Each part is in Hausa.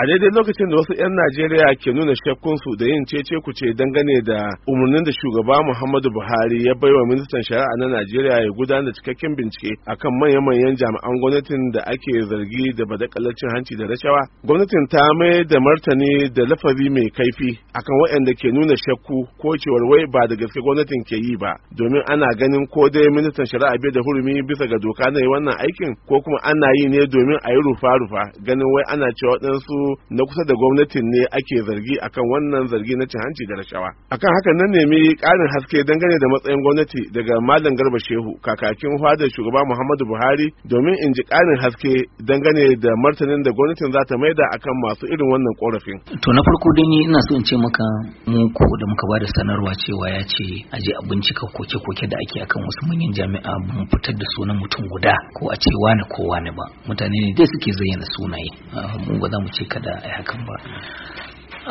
a daidai lokacin da wasu 'yan najeriya ke nuna shakkunsu da yin cece kuce dangane da umarnin da shugaba muhammadu buhari ya baiwa ministan shari'a na najeriya ya gudanar da cikakken bincike akan manya-manyan jami'an gwamnatin da ake zargi da badakalacin hanci da rashawa gwamnatin ta mai da martani da lafazi mai kaifi akan waɗanda ke nuna shakku ko cewar wai ba da gaske gwamnatin ke yi ba domin ana ganin ko dai ministan shari'a bai da hurumi bisa ga doka na yi wannan aikin ko kuma ana yi ne domin a yi rufa-rufa ganin wai ana cewa waɗansu na kusa da gwamnatin ne ake zargi akan wannan zargi na cin hanci da rashawa akan haka nan nemi ƙarin haske dangane da matsayin gwamnati daga malam garba shehu kakakin fadar shugaba muhammadu buhari domin in ji ƙarin haske dangane da martanin da gwamnatin za ta maida akan masu irin wannan korafin to na farko dai ni ina so in ce maka mu ko da muka ba da sanarwa cewa ya ce a je a bincika koke-koke da ake akan wasu manyan jami'a mun fitar da sunan mutum guda ko a ce wani ko wani ba mutane ne dai suke zayyana sunaye ah, mu ba za mu ce da a hakan ba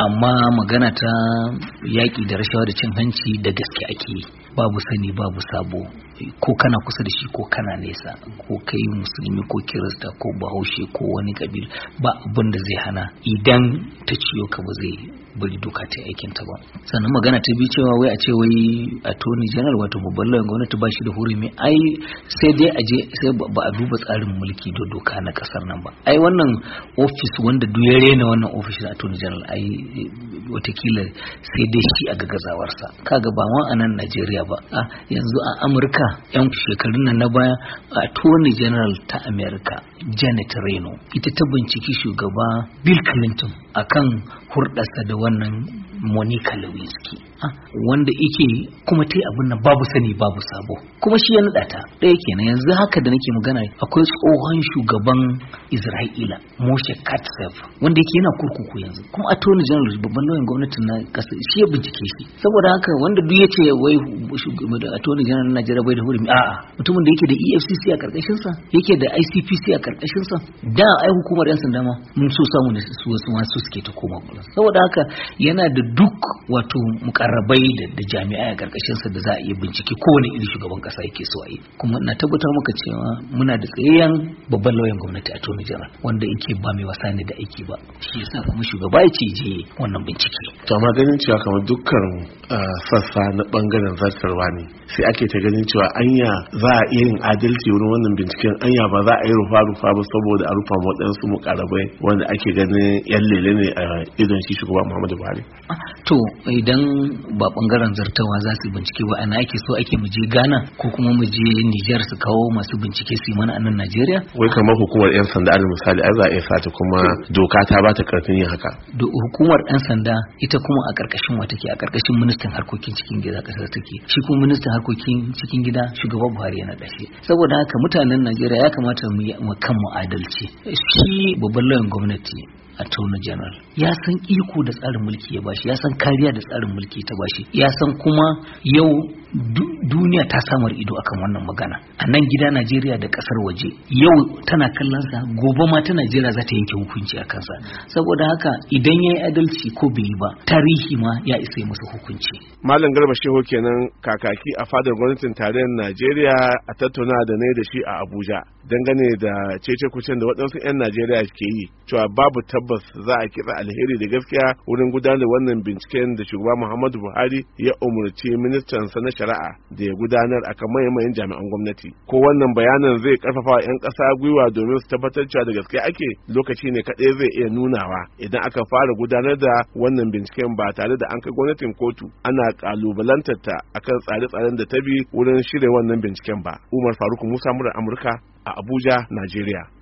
amma magana ta yaƙi da rashawa da cin hanci da gaske ake babu sani babu sabo ko kana kusa da shi ko kana nesa ko kai musulmi ko kirista ko bahaushe ko wani kabil ba abin zai hana idan ta ciyo ka ba zai bari doka ta aikin ta ba sannan magana ta biyu cewa wai a ce wai attorney general wato babban lauyan gwamnati ba shi da hurumi ai sai dai a je sai ba a duba tsarin mulki da doka na kasar nan ba ai wannan office wanda duk ya rena wannan office na attorney general ai watakila sai dai shi a gagazawarsa kaga ba ma a nan Najeriya ba a yanzu a Amurka yan shekarun nan na baya a toni general ta amerika Janet Reno ita ta binciki shugaba Bill Clinton akan hurɗarsa da wannan Monica Lewinsky ah, wanda ike kuma ta abin nan babu sani babu sabo kuma shi ya naɗa ta ɗaya kenan yanzu haka da nake magana akwai tsohon shugaban Isra'ila Moshe Katsev wanda yake yana kurkuku yanzu kuma attorney general babban lauyan gwamnatin na ƙasa shi ya bincike shi saboda haka wanda duk ya ce wai shugaban da atoni general na Najeriya bai da hurumi a'a mutumin da yake da EFCC a karkashin sa yake da ICPC a karkashin sa da ai hukumar yan sanda ma mun so samu ne su wasu ma suke ta koma kula saboda haka yana da duk wato mukarrabai da jami'ai a karkashin sa da za a iya bincike wani iri shugaban kasa yake so a yi kuma na tabbatar maka cewa muna da tsayayyen babban lauyan gwamnati a attorney general wanda yake ba mai wasa ne da aiki ba shi yasa kuma shugaba ya ce je wannan bincike to amma ganin cewa kamar dukkan ah, sassa na bangaren zarta aiwatarwa ne sai ake ta ganin cewa anya za a iya yin adalci wurin wannan binciken anya ba za a yi rufa rufa ba saboda a rufa waɗansu mukarabai wanda ake ganin yan lele ne a idon shi shugaba muhammadu buhari to idan ba bangaren zartawa za su bincike ba ana ake so ake mu je ghana ko kuma muje je niger su kawo masu bincike su yi mana a nan najeriya wai kamar hukumar yan sanda alal misali a za a iya sata kuma doka ta ba ta karfin yin haka hukumar yan sanda ita kuma a karkashin wa take a karkashin ministan harkokin cikin gida kasar take shi kuma ministan harkokin cikin gida shugaban buhari yana dashe saboda haka mutanen najeriya ya kamata mu yi kanmu adalci shi babban lauyan gwamnati attorney general ya san iko da tsarin mulki ya bashi ya san kariya da tsarin mulki ta bashi ya san kuma yau duk duniya ta samar ido akan wannan magana a nan gida najeriya da kasar waje yau tana kallon sa gobe ma ta najeriya za ta yanke hukunci a kansa saboda haka idan ya yi adalci ko bai yi ba tarihi ma ya isa yi masa hukunci malam garba shehu kenan kakaki a fadar gwamnatin tarayyar najeriya a tattauna da ne da shi a abuja dangane da cece kucin da waɗansu 'yan najeriya ke yi cewa babu tabbas za a kira alheri da gaskiya wurin gudanar wannan binciken da shugaba muhammadu buhari ya umarci ministansa na shari'a da ya gudanar a kan mayan jami'an gwamnati ko wannan bayanan zai karfafa 'yan ƙasa gwiwa domin su tabbatar cewa da gaske ake lokaci ne kaɗai zai iya nunawa idan aka fara gudanar da wannan binciken ba tare da an kai gwamnatin kotu ana kalubalantar ta akan tsare-tsaren da ta bi wurin shirya wannan binciken ba umar faruk musa murar amurka a abuja najeriya